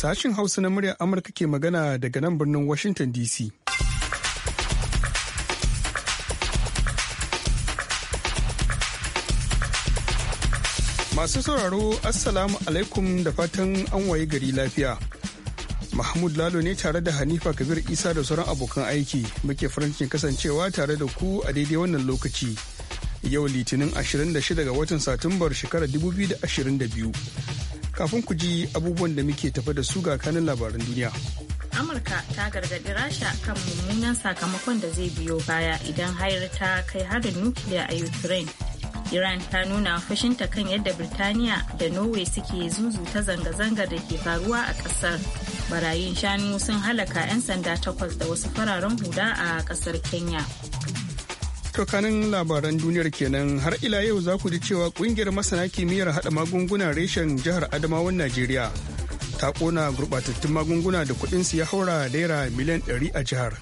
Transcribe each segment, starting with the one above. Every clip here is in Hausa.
Sashin Hausa na muryar Amurka ke magana daga nan birnin Washington DC. Masu sauraro Assalamu alaikum da fatan an waye gari lafiya. Mahmud Lalo ne tare da Hanifa Kabir Isa da sauran abokan aiki muke farancin kasancewa tare da ku a daidai wannan lokaci. Yau Litinin 26 ga watan Satumbar shekarar 2022. kafin ku ji abubuwan da muke tafa da su ga kanin labaran duniya. Amurka ta gargaɗi Rasha kan mummunan sakamakon da zai biyo baya idan hayar ta kai harin nukiliya a Ukraine. Iran ta nuna fushinta kan yadda Birtaniya da Norway suke zuzu ta zanga zanga da ke faruwa a ƙasar. Barayin shanu sun halaka 'yan sanda takwas da wasu fararen huda a ƙasar Kenya. Tokanin labaran duniyar kenan har ila yau za ku ji cewa kungiyar masana kimiyyar hada magunguna reshen jihar Adamawan Najeriya ta kona gurbatattun magunguna da kuɗin su ya haura daira miliyan 100 a jihar.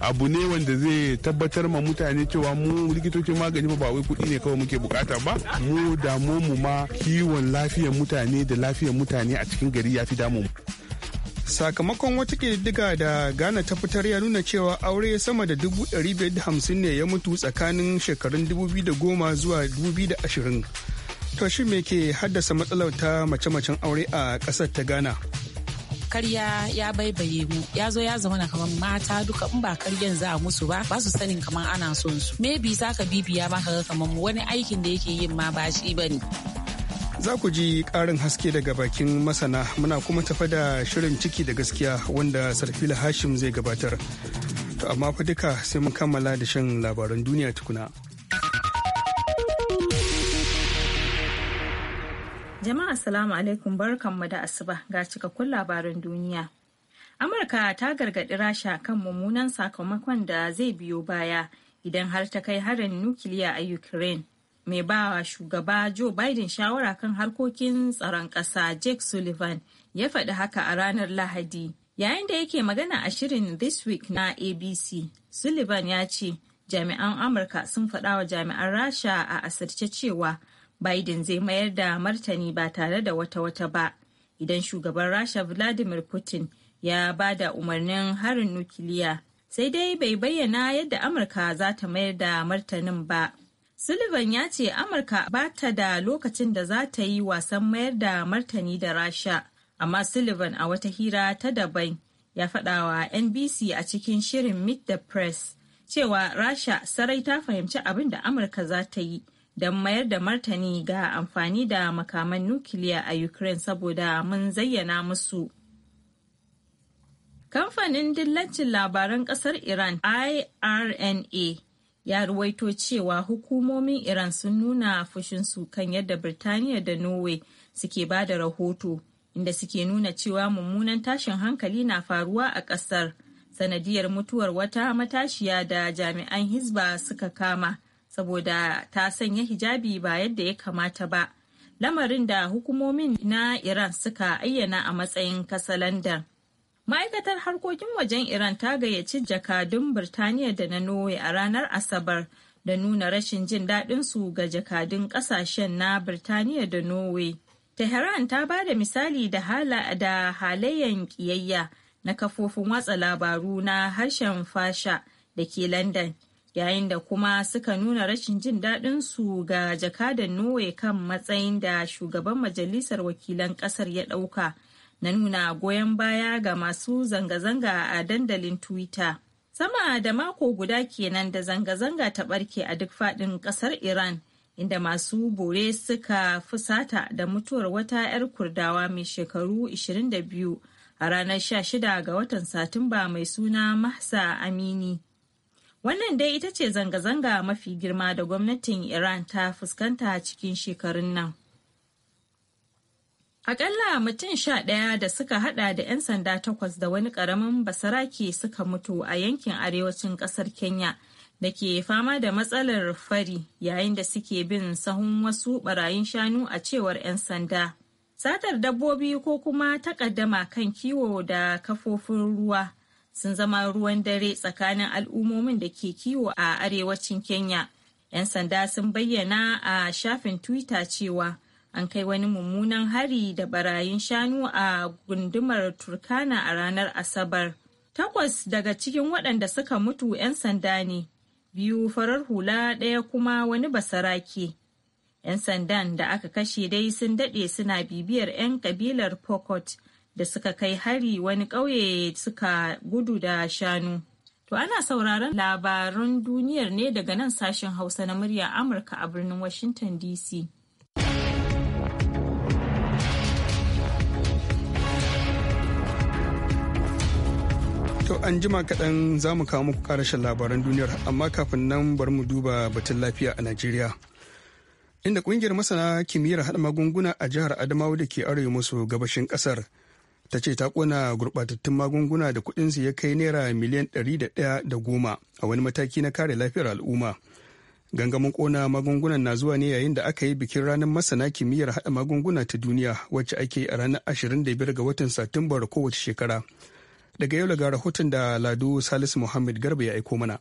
abu ne wanda zai tabbatar ma mutane cewa mu likitocin magani ba wai kuɗi ne kawai muke bukata ba mu damu mu ma kiwon lafiyar mutane da lafiyar mutane a cikin gari ya fi damu sakamakon wata ƙididdiga da ghana ta fitar ya nuna cewa aure sama da 550 ne ya mutu tsakanin shekarun 2010 zuwa 2020 to shi me ke haddasa matsalar ta mace-macen aure a ƙasar ta ghana karya ya baibaye mu ya zo ya zama kamar mata duka in ba karyan za a musu ba ba su sanin kamar ana son su maybe ka bibiya ma ga kamar wani aikin da yake yin ma ba shi bane za ku ji ƙarin haske daga bakin masana muna kuma tafa da shirin ciki da gaskiya wanda sarfila hashim zai gabatar to amma fa duka sai mun kammala da shan labaran duniya tukuna jama'a assalamu alaikum barkanmu da asuba ga cikakkun labaran duniya amurka ta gargaɗi rasha kan mummunan sakamakon da zai biyo baya idan har ta kai harin nukiliya a ukraine mai wa shugaba joe biden shawara kan harkokin tsaron ƙasa jake sullivan ya faɗi haka a ranar lahadi yayin da yake magana a shirin this week na abc sullivan ya ce jami'an amurka sun faɗa wa jami'an rasha a asirce cewa biden zai mayar da martani ba tare da wata-wata ba idan shugaban rasha vladimir putin ya ba da umarnin harin nukiliya sai dai bai bayyana yadda amurka za ta mayar da martanin ba Sullivan ya ce Amurka ba ta da lokacin da za ta yi wasan mayar da martani da Rasha, amma Sullivan a wata hira ta daban ya faɗawa NBC a cikin shirin Meet the Press cewa Rasha sarai ta fahimci abin da Amurka za ta yi don mayar da martani ga amfani da makaman nukiliya a Ukraine saboda mun zayyana musu. Kamfanin dillacin labaran ƙasar Iran IRNA ya ruwaito cewa hukumomin Iran sun nuna fushinsu kan yadda Birtaniya da Norway suke ba da rahoto inda suke nuna cewa mummunan tashin hankali na faruwa a ƙasar sanadiyar mutuwar wata matashiya da jami'an Hisba suka kama saboda ta sanya hijabi ba yadda ya kamata ba. Lamarin da hukumomin na Iran suka ayyana a matsayin kasa London. Ma'aikatar harkokin wajen Iran ta gayyaci jakadun Birtaniya da na Norway a ranar Asabar da nuna rashin jin daɗin su ga jakadun ƙasashen na Birtaniya da Norway. Tehran ta ba da misali da da halayen ƙiyayya na kafofin watsa labaru na harshen fasha da ke London, yayin da kuma suka nuna rashin jin daɗin su ga jakadan Norway kan matsayin da shugaban majalisar wakilan ƙasar ya ɗauka. na nuna goyon baya ga masu zanga-zanga a dandalin Twitter. Sama da mako guda kenan da zanga-zanga ta barke a duk faɗin ƙasar Iran, inda masu bore suka fusata da mutuwar wata 'yar kurdawa mai shekaru 22 a ranar 16 ga watan Satumba mai suna Mahsa Amini. Wannan dai ita ce zanga-zanga mafi girma da gwamnatin Iran ta fuskanta cikin shekarun nan. Akalla mutum sha ɗaya da suka hada da 'yan sanda takwas da wani ƙaramin basarake suka mutu a yankin arewacin ƙasar Kenya da ke fama da matsalar fari yayin da suke bin sahun wasu barayin shanu a cewar 'yan sanda. Satar dabbobi ko kuma takaddama kan kiwo da kafofin ruwa sun zama ruwan dare tsakanin al'ummomin da ke kiwo a arewacin Kenya. 'Yan sanda sun bayyana a shafin Twitter cewa an kai wani mummunan hari da barayin shanu a gundumar turkana a ranar asabar takwas daga cikin waɗanda suka mutu 'yan sanda ne biyu farar hula ɗaya kuma wani basarake 'yan sandan da aka kashe dai sun daɗe suna bibiyar 'yan kabilar pokot da suka kai hari wani ƙauye suka gudu da shanu to ana sauraron labarun duniyar ne daga nan sashen hausa na murya amurka a birnin washington dc To an jima kaɗan za mu kawo muku karashen labaran duniyar amma kafin nan bari mu duba batun lafiya a Najeriya. Inda kungiyar masana kimiyyar haɗa magunguna a jihar Adamawa da ke arewa musu gabashin ƙasar ta ce ta ƙona gurɓatattun magunguna da kuɗinsu ya kai naira miliyan ɗari da ɗaya da goma a wani mataki na kare lafiyar al'umma. Gangamin ƙona magungunan na zuwa ne yayin da aka yi bikin ranar masana kimiyyar haɗa magunguna ta duniya wacce ake yi a ranar biyar ga watan Satumbar kowace shekara. Daga yau daga rahoton da Lado Salisu Muhammad Garba ya aiko mana.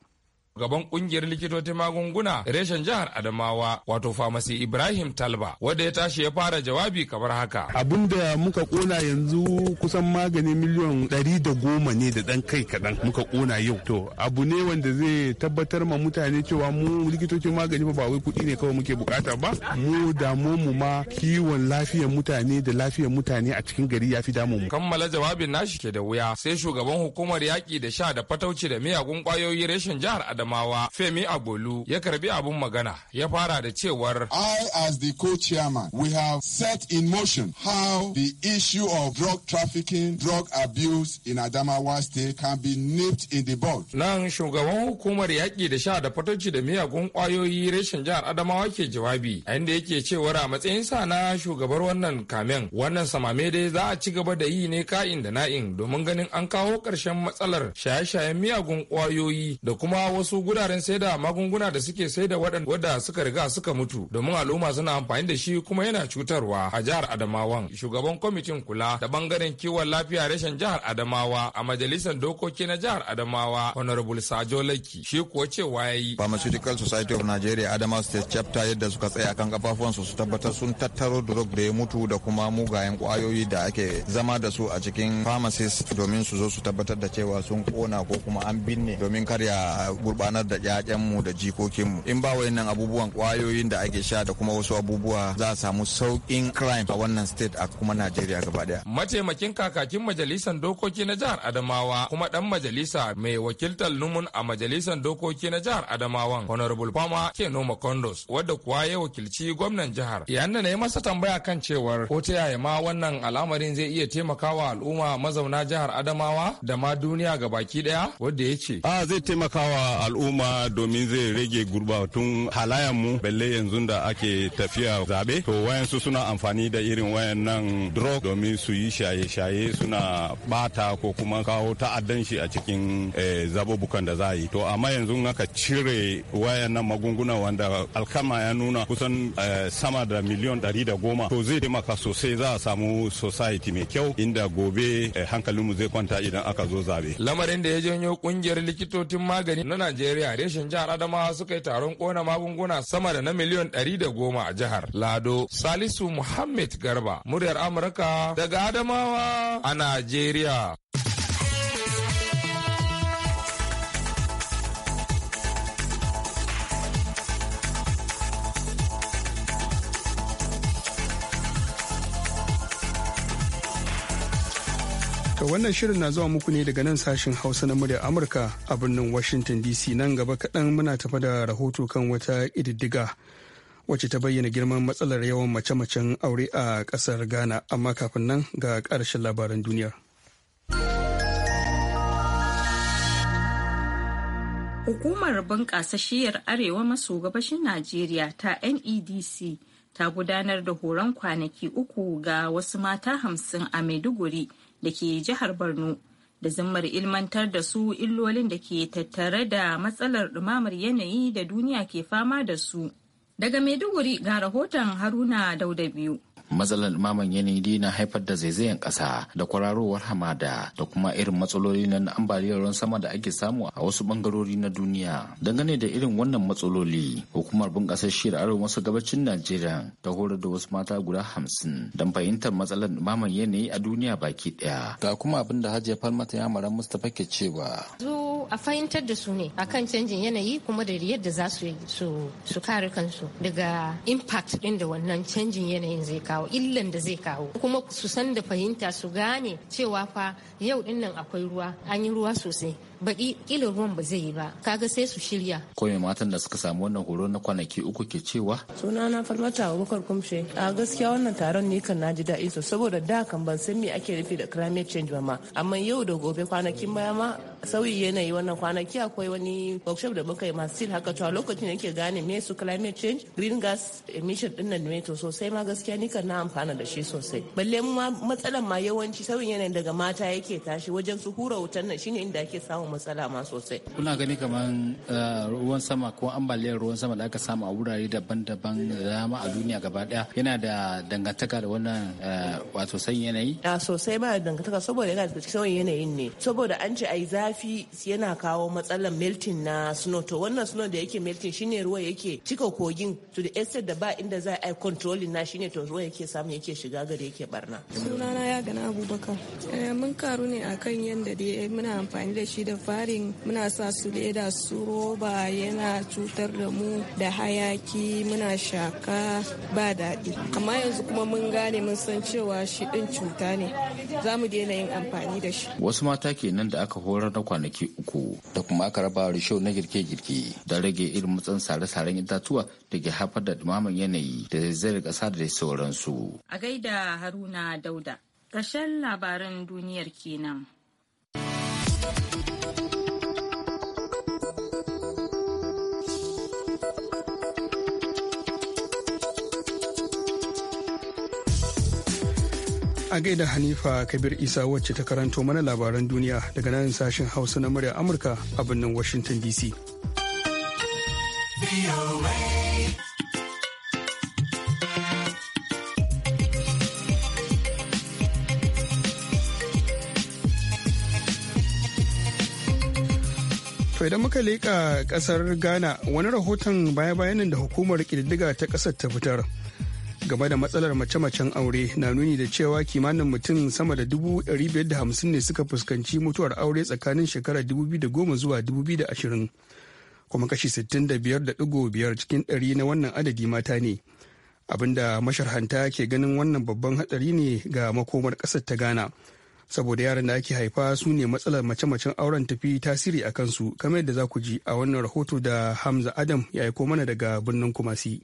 gaban kungiyar likitocin magunguna reshen jihar Adamawa wato pharmacy Ibrahim Talba wanda ya tashi ya fara jawabi kamar haka. abun da muka kona yanzu kusan magani miliyon ɗari da goma ne da ɗan kai kaɗan muka kona yau. To abu ne wanda zai tabbatar ma mutane cewa mu likitocin magani ba wai kuɗi ne kawai muke bukata ba. Mu damu mu ma kiwon lafiyar mutane da lafiyar mutane a cikin gari yafi damu mu. Kammala jawabin nashi ke da wuya sai shugaban hukumar yaƙi da sha da fatauci da miyagun ƙwayoyi reshen jihar Adamawa. Adamawa Femi Agbolu ya karbi abun magana ya fara da cewar I as the co-chairman we have set in motion how the issue of drug trafficking drug abuse in Adamawa state can be nipped in the bud. Nan shugaban hukumar yaƙi da sha da fatoci da miyagun ƙwayoyi reshen jihar Adamawa ke jawabi a inda yake cewar a matsayin sa na shugabar wannan kamen wannan samame dai za a ci gaba da yi ne ka'in da na'in domin ganin an kawo ƙarshen matsalar shaye-shayen miyagun ƙwayoyi da kuma wasu wasu guraren sai da magunguna da suke sai da waɗanda suka riga suka mutu domin al'umma suna amfani da shi kuma yana cutarwa a jihar Adamawan. Shugaban kwamitin kula da bangaren kiwon lafiya reshen jihar Adamawa a majalisar dokoki na jihar Adamawa Honorable Sajo Laki shi kuwa cewa yayi Pharmaceutical Society of Nigeria Adamawa State Chapter yadda suka tsaya kan kafafuwansu su tabbatar sun tattaro drug da ya mutu da kuma mugayen kwayoyi da ake zama da su a cikin pharmacies domin su zo su tabbatar da cewa sun kona ko kuma an binne domin karya gurbanar da mu da jikokin mu. in ba wayannan abubuwan kwayoyin da ake sha da kuma wasu abubuwa za a samu sauƙin crime a wannan state a kuma Najeriya gaba daya mataimakin kakakin majalisar dokoki na jihar Adamawa kuma ɗan majalisa mai wakiltar numun a majalisar dokoki na jihar Adamawa, honorable Fama Keno Kondos wadda kuwa ya wakilci gwamnan jihar yayin da na yi masa tambaya kan cewar ko ta yaya ma wannan al'amarin zai iya taimakawa al'umma mazauna jihar Adamawa da ma duniya ga baki daya wadda ya ce a zai taimakawa al'umma domin zai rage gurbatun halayen mu balle yanzu da ake tafiya zabe to wayansu suna amfani da irin wayannan drug domin su yi shaye-shaye suna bata ko kuma kawo ta'addan a cikin eh, zabubukan da za yi to amma yanzu aka cire wayannan magunguna wanda alkama ya nuna kusan eh, sama da miliyon ɗari da goma to zai taimaka sosai za a samu society mai kyau inda gobe eh, hankalinmu zai kwanta idan aka zo zabe lamarin da ya janyo kungiyar likitocin magani na Najeriya reshen jihar Adamawa suka yi taron kona magunguna sama da na miliyon ɗari da goma a jihar. Lado Salisu Muhammad Garba, muryar Amurka daga Adamawa a Najeriya. To wannan shirin na zuwa muku ne daga nan sashen Hausa na muryar Amurka a birnin Washington DC nan gaba kaɗan muna tafa da rahoto kan wata ƙididdiga wacce ta bayyana girman matsalar yawan mace-macen aure a ƙasar Ghana amma kafin nan ga ƙarshen labaran duniya Hukumar bunƙasa shiyar Arewa maso gabashin Najeriya ta NEDC ta gudanar da horon kwanaki uku ga wasu mata hamsin a Maiduguri da ke jihar Borno da zimmar ilmantar da su illolin da ke tattare da matsalar dumamar yanayi da duniya ke fama da su. Daga Maiduguri ga rahoton Haruna Dauda biyu. matsalar maman yanayi dai na haifar da zaizayen ƙasa da kwararowar hamada da kuma irin matsaloli na ambaliyar ruwan sama da ake samu a wasu bangarori na duniya dangane da irin wannan matsaloli hukumar bunƙasar shiyar arewa masu gabacin najeriya ta horar da wasu mata guda hamsin don fahimtar matsalar maman yanayi a duniya baki ɗaya ga kuma abin da hajiya falmata yamaran mustapha ke cewa a fahimtar da su ne a kan canjin yanayi kuma da yadda za su su kare kansu daga impact ɗin da wannan canjin yanayin zai kawo kawo illan da zai kawo kuma su san da fahimta su gane cewa fa yau dinnan akwai ruwa an yi ruwa sosai baki kilo ruwan ba zai yi ba kaga sai su shirya ko me matan da suka samu wannan horo na kwanaki uku ke cewa suna na farmata abubakar kumshe a gaskiya wannan taron ne kan naji daɗi so saboda da kan ban san me ake rufe da climate change ba ma amma yau da gobe kwanakin baya ma sauyi yanayi wannan kwanaki akwai wani workshop da muka yi ma, sil haka a lokacin da yake gane me su climate change green gas emission din nan ne to sosai ma gaskiya ni kan na amfana da shi sosai balle ma matsalan ma yawanci sauyin yanayi daga mata yake tashi wajen su hura wutan nan shine inda ake samun matsala ma sosai. Kuna gani kamar eh, ruwan sama ko ambaliyar ruwan sama da aka samu a wurare daban-daban da dama a duniya gaba daya yana da dangantaka da wannan eh, wato sanyi yanayi? A sosai ba dangantaka saboda yana da sauyin yanayin ne. Saboda an ce ai zafi yana kawo matsalar meltin na snow to wannan snow da yake meltin shine ruwa yake cika kogin to the extent da ba inda za a yi controlling na shine to ruwa yake samu yake shiga gari yake barna. Sunana ya gana Abubakar. Eh, mun karu ne akan yadda da muna amfani da shi da farin muna sa su leda su roba yana cutar da mu da hayaki muna shaka ba daɗi amma yanzu kuma mun gane mun san cewa shi ɗin cuta ne za mu daina yin amfani da shi wasu mata kenan da aka horar na kwanaki uku da kuma aka raba risho na girke-girke da rage irin matsan sare-saren itatuwa da ke haifar da dumaman yanayi da zaizayar ƙasa da sauransu a gaida haruna dauda ƙarshen labaran duniyar kenan a gaida Hanifa Kabir Isa wacce ta karanto mana labaran duniya daga nan sashen Hausa na murya Amurka a birnin Washington DC. To idan muka leƙa ƙasar Ghana wani rahoton baya-bayanin da hukumar ƙididdiga ta ƙasar ta fitar. game da matsalar mace-macen aure na nuni da cewa kimanin mutum sama da 550 ne suka fuskanci mutuwar aure tsakanin shekarar 2010 zuwa 2020 kuma kashi 65.5 cikin 100 na wannan adadi mata ne abinda masharhanta ke ganin wannan babban hatsari ne ga makomar kasar ta gana saboda yaran da ake haifa su ne matsalar mace-macen auren tafi tasiri a kansu kamar yadda za ku ji a wannan rahoto da hamza adam ya aiko mana daga birnin kumasi.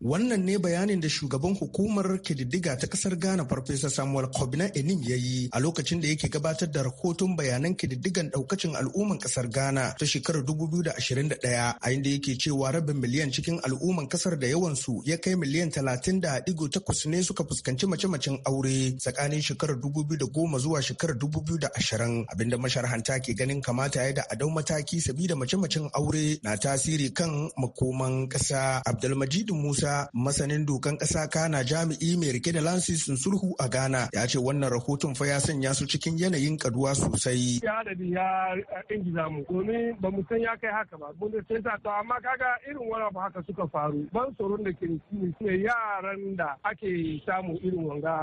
Wannan ne bayanin da shugaban hukumar kididdiga ta kasar Ghana Farfesa Samuel Kobina Enim ya yi a lokacin da yake gabatar da rahoton bayanan kididdigan daukacin al'umman kasar Ghana ta shekarar 2021 a inda yake cewa rabin miliyan cikin al'umman kasar da yawansu ya kai miliyan 30.8 ne suka fuskanci mace-macen aure tsakanin shekarar 2010 zuwa shekarar 2020 abinda masharhanta ke ganin kamata ya da adau mataki sabida mace-macen aure na tasiri kan makoman kasa abdulmajid musa masanin dokan kasa kana jami'i mai rike da sun sulhu a ghana ya ce wannan rahoton fa ya sanya su cikin yanayin kaduwa sosai ya adadi ya ingiza mu domin ba mu san ya kai haka ba mun san ta to amma kaga irin wannan ba haka suka faru ban tsoron da ke ne yaran da ake samu irin wanga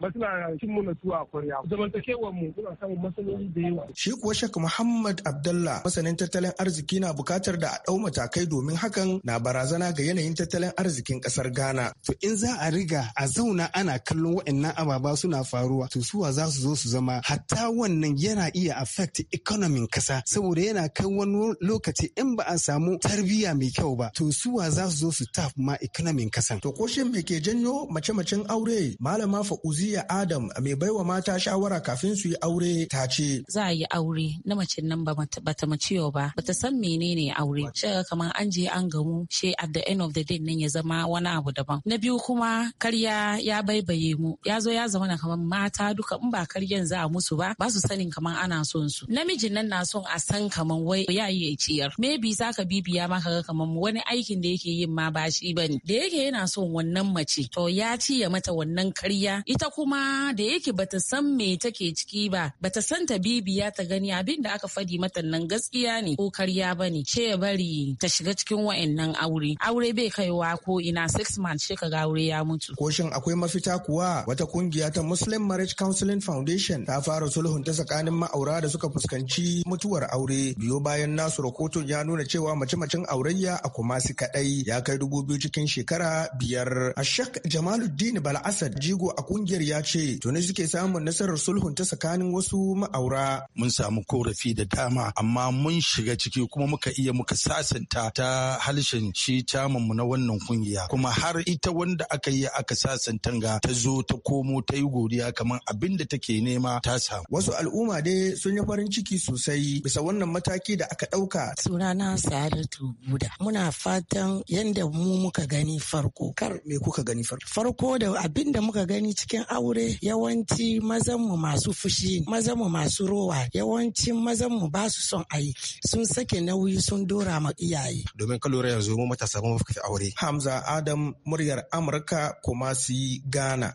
Ba masana cin mu natuwa kwarya zamantakewar mu muna samun masaloli da yawa shi kuwa shek muhammad abdullah masanin tattalin arziki na bukatar da a dau matakai domin hakan na barazana ga yanayin tattalin arzikin kasar Ghana. To in za a riga a zauna ana kallon waɗannan ababa suna faruwa to suwa za su zo su zama hatta wannan yana iya affect economy kasa saboda yana kai wani lokaci in ba a samu tarbiyya mai kyau ba to suwa za su zo su taf ma economy kasan. To ko shin me ke janyo mace-macen aure malama Fa'uziya Adam mai baiwa mata shawara kafin su yi aure ta ce. Za a yi aure na mace nan ba ta mace ba Ba ta san menene aure. Shaga kamar an je an ga mu shi at the end of the day nan ya zama wani abu daban na biyu kuma karya ya baibaye mu ya zo ya zama na kamar mata duka in ba karyan za a musu ba ba su sanin kamar ana son su namijin nan na son a san kamar wai ya yi ya ciyar maybe zaka bibiya ma ga kamar wani aikin da yake yin ma ba shi ne. da yake yana son wannan mace to ya ya mata wannan karya ita kuma da yake bata san me take ciki ba bata san ta bibiya ta gani abin da aka fadi mata nan gaskiya ne ko karya bane ce ya bari ta shiga cikin wa'in wannan aure aure bai kaiwa ko ina six months shi kaga aure ya mutu ko shin akwai mafita kuwa wata kungiya ta Muslim Marriage Counseling Foundation ta fara sulhun ta tsakanin ma'aura da suka fuskanci mutuwar aure biyo bayan nasu rahoton ya nuna cewa mace-macen aurayya a Kumasi kadai ya kai dubu biyu cikin shekara biyar A shak Jamaluddin Bal'asad jigo a kungiyar ya ce tuni suke samun nasarar sulhun ta tsakanin wasu ma'aura mun samu korafi da dama amma mun shiga ciki kuma muka iya muka sasanta ta hal rashin shi caman mu na wannan kungiya kuma har ita wanda aka yi aka sasantanga ta zo ta komo ta yi godiya kamar abin da take nema ta samu. Wasu al'umma dai sun yi farin ciki sosai bisa wannan mataki da aka ɗauka. Sunana Sa'adatu Buda. Muna fatan yanda mu muka gani farko. Kar me kuka gani farko? Farko da abin da muka gani cikin aure yawanci mazan mu masu fushi, mazan mu masu rowa, yawancin mazan mu ba su son aiki. Sun sake nauyi sun dora ma iyaye. Domin ka aure yanzu mu matasa mu fuka aure hamza adam muryar amurka kuma su yi ghana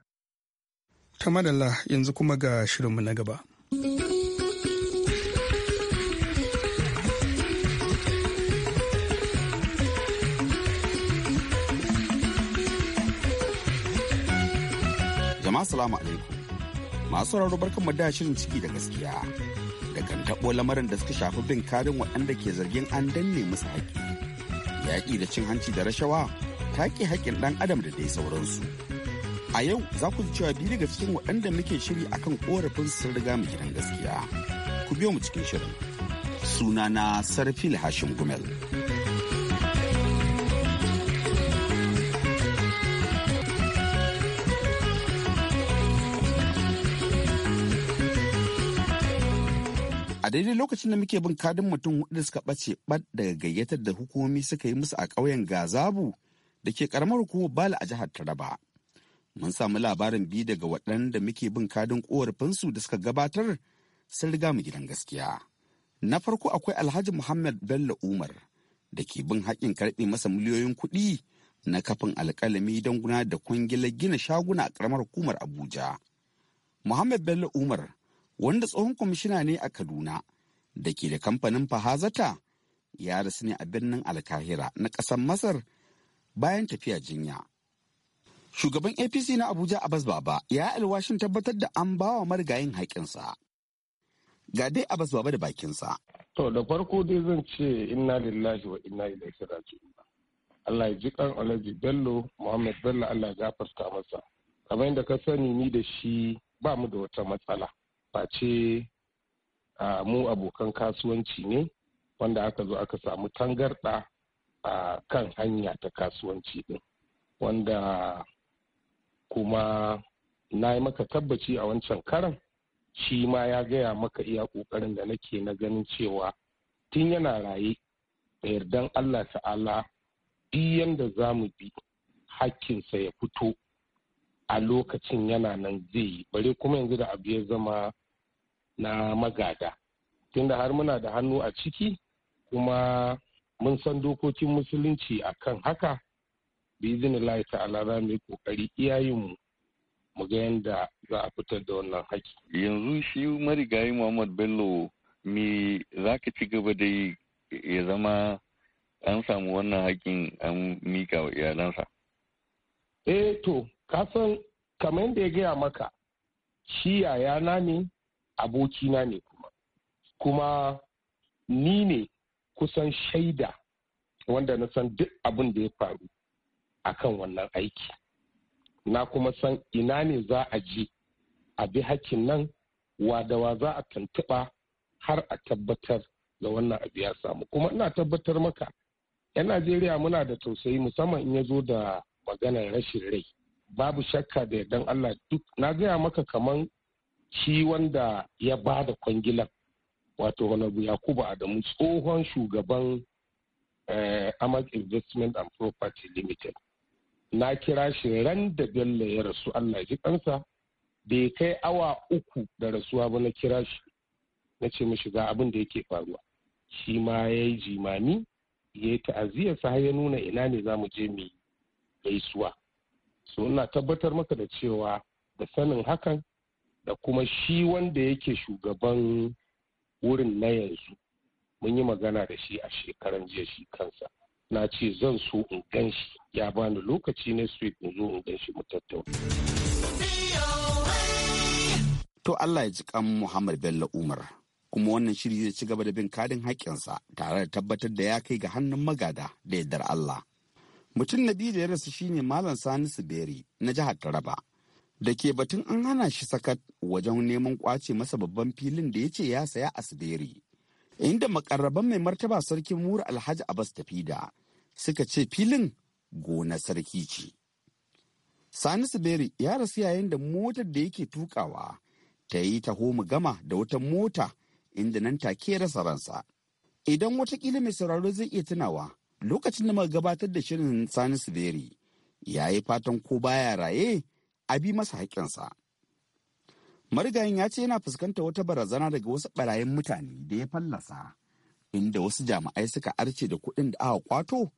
ta madalla yanzu kuma ga shirinmu na gaba jama'a salamu alaikum masu sauraro barkan da shirin ciki da gaskiya da kan taɓo lamarin da suka shafi bin kadin waɗanda ke zargin an danne musu haƙƙi yaƙi da cin hanci da rashawa take haƙƙin ɗan adam da dai sauransu a yau za ku ji cewa biyu daga cikin waɗanda muke shiri akan korafin sun riga mu gidan gaskiya ku biyo mu cikin shirin sunana sarfil hashim gumel daidai lokacin da muke bin kadin mutum hudu suka ɓace ɓad daga gayyatar da hukumomi suka yi musu a ƙauyen gazabu da ke karamar hukumar bala a jihar taraba mun samu labarin biyu daga waɗanda muke bin kadin korafinsu da suka gabatar sun riga mu gidan gaskiya na farko akwai alhaji muhammad bello umar da ke bin haƙƙin karɓe masa miliyoyin kuɗi na kafin alƙalami don guna da kwangilar gina shaguna a ƙaramar hukumar abuja muhammad bello umar wanda tsohon kwamishina ne a kaduna da ke da kamfanin fahazata ya rasu ne a birnin alkahira na ƙasar masar bayan tafiya jinya shugaban apc na abuja abbas baba ya alwashin tabbatar da an bawa marigayin haƙinsa ga dai abbas baba da bakinsa to da farko dai zan ce inna lillahi wa inna ilaihi raji'un allah ya ji kan alhaji bello muhammad bello allah ya gafarta masa kamar yadda ka sani ni da shi ba mu da wata matsala face mu abokan kasuwanci ne wanda aka zo aka samu tangarɗa a kan hanya ta kasuwanci ɗin wanda kuma na yi maka tabbaci a wancan karan shi ma ya gaya maka iya ƙoƙarin da nake na ganin cewa tun yana raye da yardan Allah ta'ala yanda za mu bi hakkinsa ya fito a lokacin yana nan zai yi bare kuma yanzu da abu ya zama na magada tunda har muna da hannu a ciki kuma mun san dokokin musulunci a kan haka bizinillahi ta'ala za mu yi kokari iyayenmu mu ga yadda za a fitar da wannan haƙi. yanzu shi marigayi muhammad bello me za ka ci gaba da ya zama an samu wannan haƙin an mika wa iyalansa eh to kasan kamar da ya gaya maka shi yayana ne abokina ne kuma kuma ni ne kusan shaida wanda na san duk abin da ya faru a kan wannan aiki na kuma san ina ne za a je a bi hakkin nan wadawa za a tuntuɓa har a tabbatar da wannan abu ya samu kuma ina tabbatar maka 'yan najeriya muna da tausayi musamman in ya zo da maganar rashin rai babu shakka da yardan allah duk na gaya maka kaman shi wanda ya ba da kwangilan wato honorable yakubu adamu tsohon shugaban eh, investment and property limited na kira shi ran da bello ya rasu allah ji kansa bai kai awa uku da rasuwa ba na kira shi na ce mashi ga abin da yake faruwa shi ma ya yi jimami ya yi ta'aziyar sa ya nuna ina ne za mu je mu gaisuwa so ina tabbatar maka da cewa da sanin hakan da kuma shi wanda yake shugaban wurin na yanzu mun yi magana da shi a shekaran jiya shi kansa na ce zan so in gan shi ya bani lokaci na su in zo in gan shi To Allah ya ji kan Muhammad Bello Umar kuma wannan shiri zai ci gaba da bin kadin haƙƙinsa tare da tabbatar da ya kai ga hannun magada da yardar Allah. Mutum na biyu da ya rasu shine Malam Sani beri na jihar Taraba da ke batun an hana shi sakat wajen neman kwace masa babban filin da ya ce ya saya a Siberi. Inda makarraban mai martaba sarkin Mura Alhaji Abbas Tafida suka ce filin gona sarki ce. Sani Siberi ya rasu yayin da motar da yake tukawa ta yi taho mu gama da wata mota inda nan take rasa ransa. Idan watakila mai sauraro zai iya tunawa lokacin da muka gabatar da shirin Sani Siberi ya yi fatan ko baya raye a bi masa haƙƙinsa. Marigayin ya ce yana fuskanta wata barazana daga wasu ɓarayin mutane da ya fallasa, inda wasu jami'ai suka arce da kuɗin da aka kwato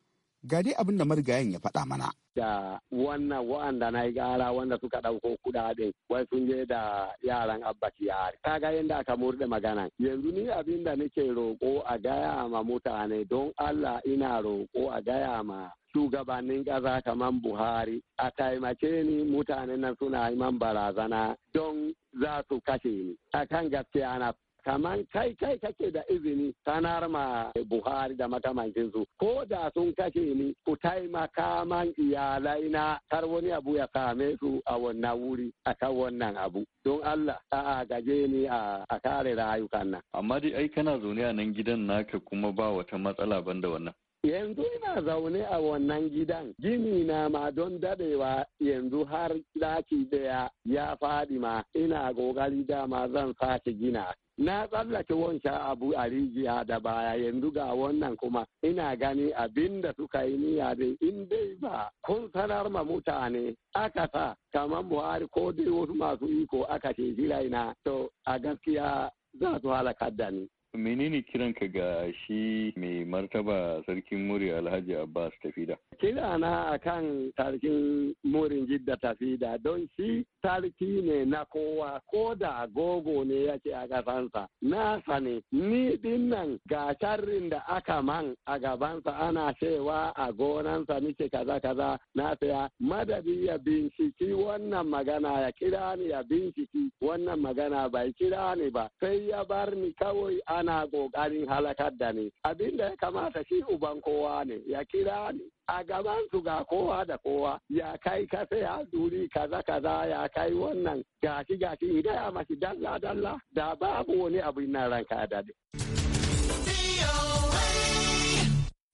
ga dai abin da marigayen ya faɗa mana. Da wannan wa'anda na yi gara wanda suka ɗauko kuɗaɗe wai sun je da yaran abba yare. Ta ga yadda aka murɗe magana. Yanzu ni abin da nake roƙo a gaya ma mutane don Allah ina roƙo a gaya ma shugabannin ƙasa kamar Buhari a taimake ni mutanen nan suna yi man barazana don za su kashe ni. A kan gaskiya na kamar kai kai kake da izini sanar ma Buhari da makamancin su ko da sun kashe ni ku taimaka man iyalai na kar wani abu ya kame su a wannan wuri a kan wannan abu don Allah a gaje ni a kare rayukan nan amma dai ai kana zaune a nan gidan naka kuma ba wata matsala banda wannan yanzu ina zaune a wannan gidan gini na ma don dadewa yanzu har daki daya ya faɗi ma ina kokari dama zan sake gina na tsallake wancan abu a rijiya da baya yanzu ga wannan kuma ina gani abin da suka yi niya da. in dai ba kun sanar ma mutane aka sa kamar buhari ko dai wasu masu iko aka ce na. to a gaskiya za su halakar da ni menene kiranka ga shi mai martaba sarkin muri alhaji abbas tafida kira na akan sarkin murin jidda tafida don shi sarki ne na kowa ko da agogo ne yake a kasansa na sani ni dinnan ga sharrin da aka man a gabansa ana cewa a gonansa nike kaza kaza na saya madadi ya binciki wannan magana ya kira ni ya binciki wannan magana bai kira ni ba sai ya bar ni kawai ana ƙoƙarin halakar da ni abin da ya kamata shi uban kowa ne ya kira ni a gaban ga kowa da kowa ya kai kasa ya duri kaza kaza ya kai wannan gashi gashi idan ya mashi dalla dalla da babu wani abin nan ranka da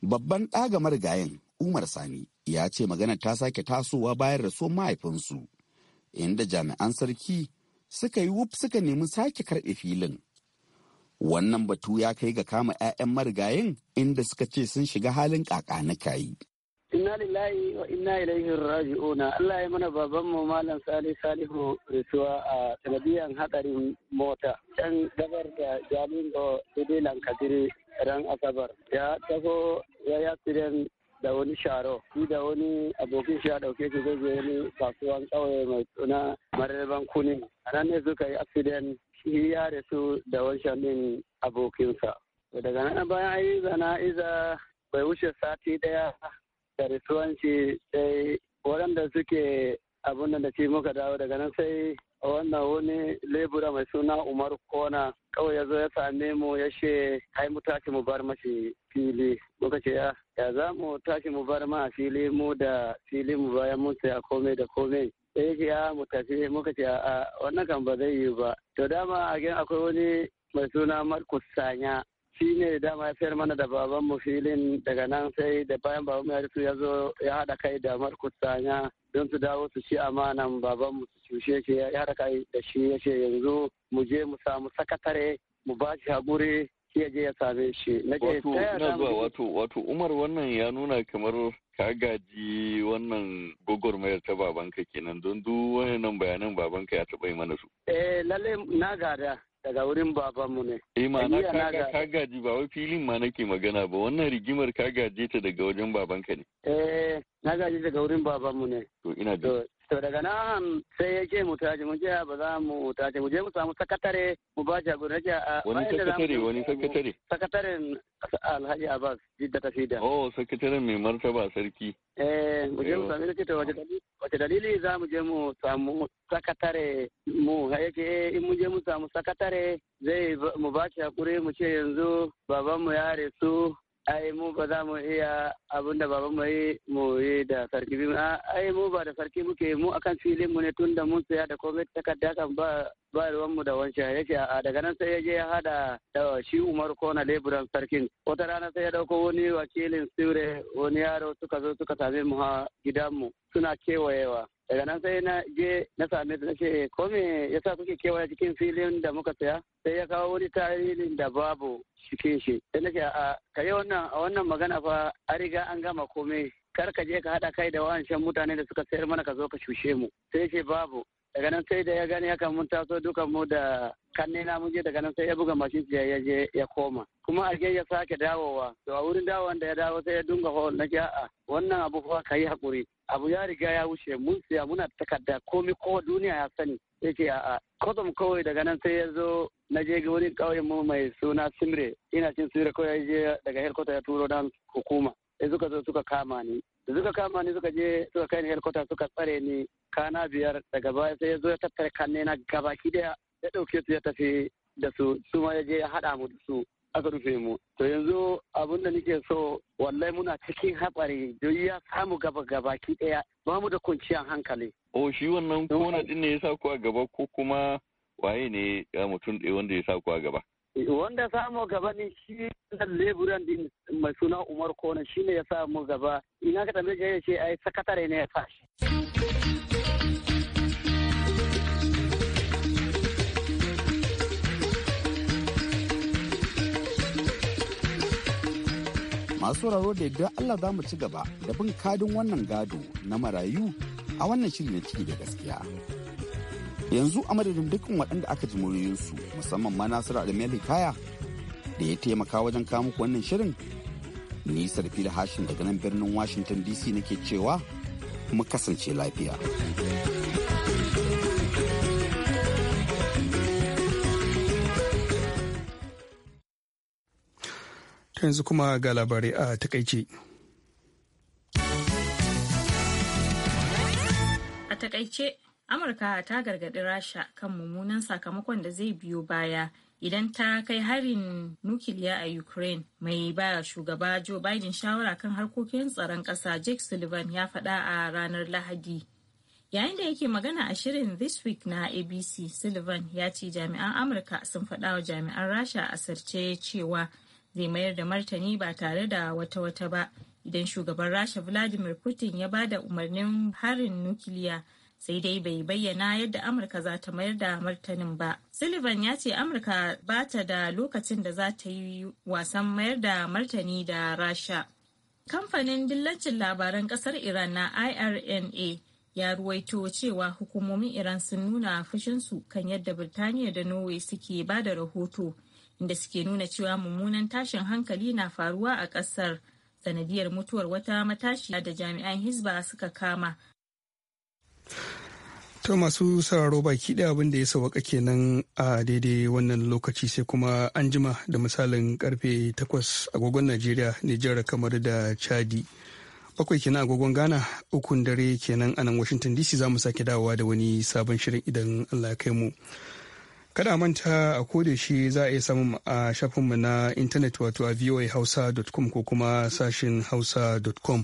Babban daga marigayin Umar Sani ya ce magana ta sake tasowa bayan rasuwar mahaifinsu, inda jami'an sarki suka yi wuf suka nemi sake karɓe filin Wannan batu ya kai ga kama 'ya'yan marigayin inda suka ce sun shiga halin na kayi. Inna lillahi wa inna ilaihi raji'una Allah ya mana baban mu Malam Sani Salihu rasuwa a sanadiyan hadarin mota can gabar da da Sidilan Kadiri ran Asabar ya tafo ya yi da wani sharo shi da wani abokin shi ya dauke shi zai je wani kasuwan kauye mai suna mararban kuni a nan ne suka yi accident shi ya rasu da wancan din abokinsa daga nan bayan an yi zana'iza bai wuce sati daya da rasuwanci. sai waɗanda suke abin da ce muka dawo daga nan sai wannan wani lebura mai suna umar kona kawai ya zo ya same mu ya ce ai mu tashi mu bar mashi fili muka ce ya ya za mu tashi mu bar ma fili mu da fili mu bayan mun saya komai da komai sai ce a mu tafi muka ce a wannan kan ba zai yi ba to dama a gan akwai wani mai suna Markus Sanya shi ne dama ya sayar mana da baban mu filin daga nan sai da bayan baban mu ya rufe ya zo ya haɗa kai da Markus Sanya don su dawo su ci amanan baban mu su cushe shi ya haɗa kai da shi ya ce yanzu mu je mu samu sakatare mu ba shi haƙuri ya je ya same shi. Wato, wato, wato Umar wannan ya nuna kamar ka gaji wannan gwagwarmayar ta babanka kenan don duk wayannan bayanan babanka ya taɓa yi mana su. Eh lalle na gada daga wurin babanmu ne. Eh ma'ana ka gaji ba wai filin ma nake magana ba wannan rigimar ka gaje ta daga wajen babanka ne. Eh na gaji daga wurin babanmu ne. To ina ji. to daga nan sai ya ce mu tashi mu je ba za mu tashi mu je mu samu sakatare mu ba shi gudu nake a wani sakatare wani sakatare sakataren Alhaji Abbas Jidda ta fida oh sakataren mai martaba sarki eh mu je mu samu nake to wace dalili za mu je mu samu sakatare mu yake eh, in mu je mu samu sakatare zai mu ba shi hakuri mu ce yanzu babanmu ya resu ai mu ba za mu iya abin da baban mu yi mu yi da sarki bi ai mu ba da sarki muke mu akan filin mu ne tun da mun saya da komai takarda kan ba ba ruwan mu da wancan ya a daga nan sai ya je ya hada da shi Umar na leburan sarkin wata rana sai ya dauko wani wakilin Sure wani yaro suka zo suka same mu ha gidan mu suna kewayewa daga nan sai na je na same su na ce ko me yasa kuke kewaya cikin filin da muka saya sai ya kawo wani tarihin da babu cikin shi sai na ce ka yi wannan a wannan magana fa an riga an gama komai kar ka je ka haɗa kai da wancan mutane da suka sayar mana ka zo ka cushe mu sai ce babu daga nan sai da ya gani haka mun taso duka mu da kanne na mun je daga nan sai ya buga mashin ya je ya koma kuma a ya sake dawowa to a wurin dawowan da ya dawo sai ya dunga hol na a'a. wannan abu fa kai hakuri abu ya riga ya wuce mun siya muna takarda komai ko duniya ya sani ce a'a kodom kawai daga nan sai ya zo na je ga wurin ƙauyen mu mai suna simre ina cin simre ko ya je daga helkota ya turo dan hukuma sai suka zo suka kama ni da suka kama ni suka je suka kai ni helkota suka tsare ni kana biyar daga baya sai ya zo ya tattara kanne na gabaki daya ya dauke su ya tafi da su su ma ya je ya haɗa mu da su aka rufe mu to yanzu abin da nake so wallahi muna cikin haɓari don ya samu gaba gabaki daya ba mu da kunciyan hankali o shi wannan kona din ne ya sa ku a gaba ko kuma waye ne ya mutum ɗaya wanda ya sa ku a gaba wanda samu gaba ne shi nan leburan din mai suna umar kona shi ne ya samu gaba ina ka tambaye ya ce ai sakatare ne ya sa shi masu sauraro da yadda Allah za mu ci gaba da bin kadin wannan gado na marayu a wannan shirin da ciki da gaskiya. Yanzu a madadin dukkan waɗanda aka ji muryoyinsu musamman ma Nasiru Adamu Kaya da ya taimaka wajen muku wannan shirin. Ni da Hashin daga nan birnin Washington DC nake cewa mu kasance lafiya. yanzu kuma ga labarai a takaice. A takaice, Amurka ta gargaɗi Rasha kan mummunan sakamakon da zai biyo baya idan ta kai harin nukiliya a Ukraine mai ba shugaba Joe Biden shawara kan harkokin tsaron ƙasa Jake Sullivan ya faɗa a ranar Lahadi. Yayin da yake magana a shirin This Week na ABC, Sullivan ya ce jami'an Amurka sun faɗa wa jami'an Rasha a asarce cewa zai mayar da martani ba tare da wata-wata ba idan shugaban rasha vladimir putin ya ba da umarnin harin nukiliya sai dai bai bayyana yadda amurka za ta mayar da martanin ba sullivan ya ce amurka ba ta da lokacin da za ta yi wasan mayar da martani da rasha kamfanin dillancin labaran kasar iran na irna ya ruwaito cewa hukumomin iran sun nuna fushinsu kan yadda birtaniya da norway suke ba da rahoto inda suke nuna cewa mummunan tashin hankali na faruwa a ƙasar sanadiyar mutuwar wata matashiya da jami'an hizba suka kama. ta masu sararo baki ɗaya abinda ya sauwaka kenan a daidai wannan lokaci sai kuma an jima da misalin karfe 8 agogon Najeriya, Nijar kamar da Chadi. Bakwai kenan agogon Ghana, ukun dare kenan a nan Washington DC za mu sake dawowa da wani sabon shirin idan Allah ya kai mu. kada manta a da shi za a iya samun a shafinmu na intanet wato a voahausa.com ko kuma sashin hausa.com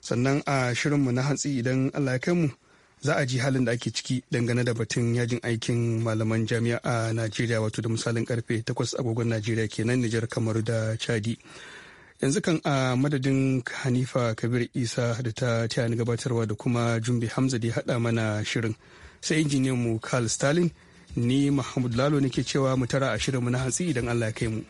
sannan a shirinmu na hantsi idan allah ya kai mu za a ji halin da ake ciki dangane da batun yajin aikin malaman jami'a a najeriya wato da misalin karfe 8 agogon najeriya kenan nijar kamar da chadi yanzu kan a madadin hanifa kabir isa da ta taya gabatarwa da kuma jumbe hamza da ya haɗa mana shirin sai injiniyan mu carl stalin ni mahmud lalo nake cewa mu tara a mu na hantsi idan allah ya kai mu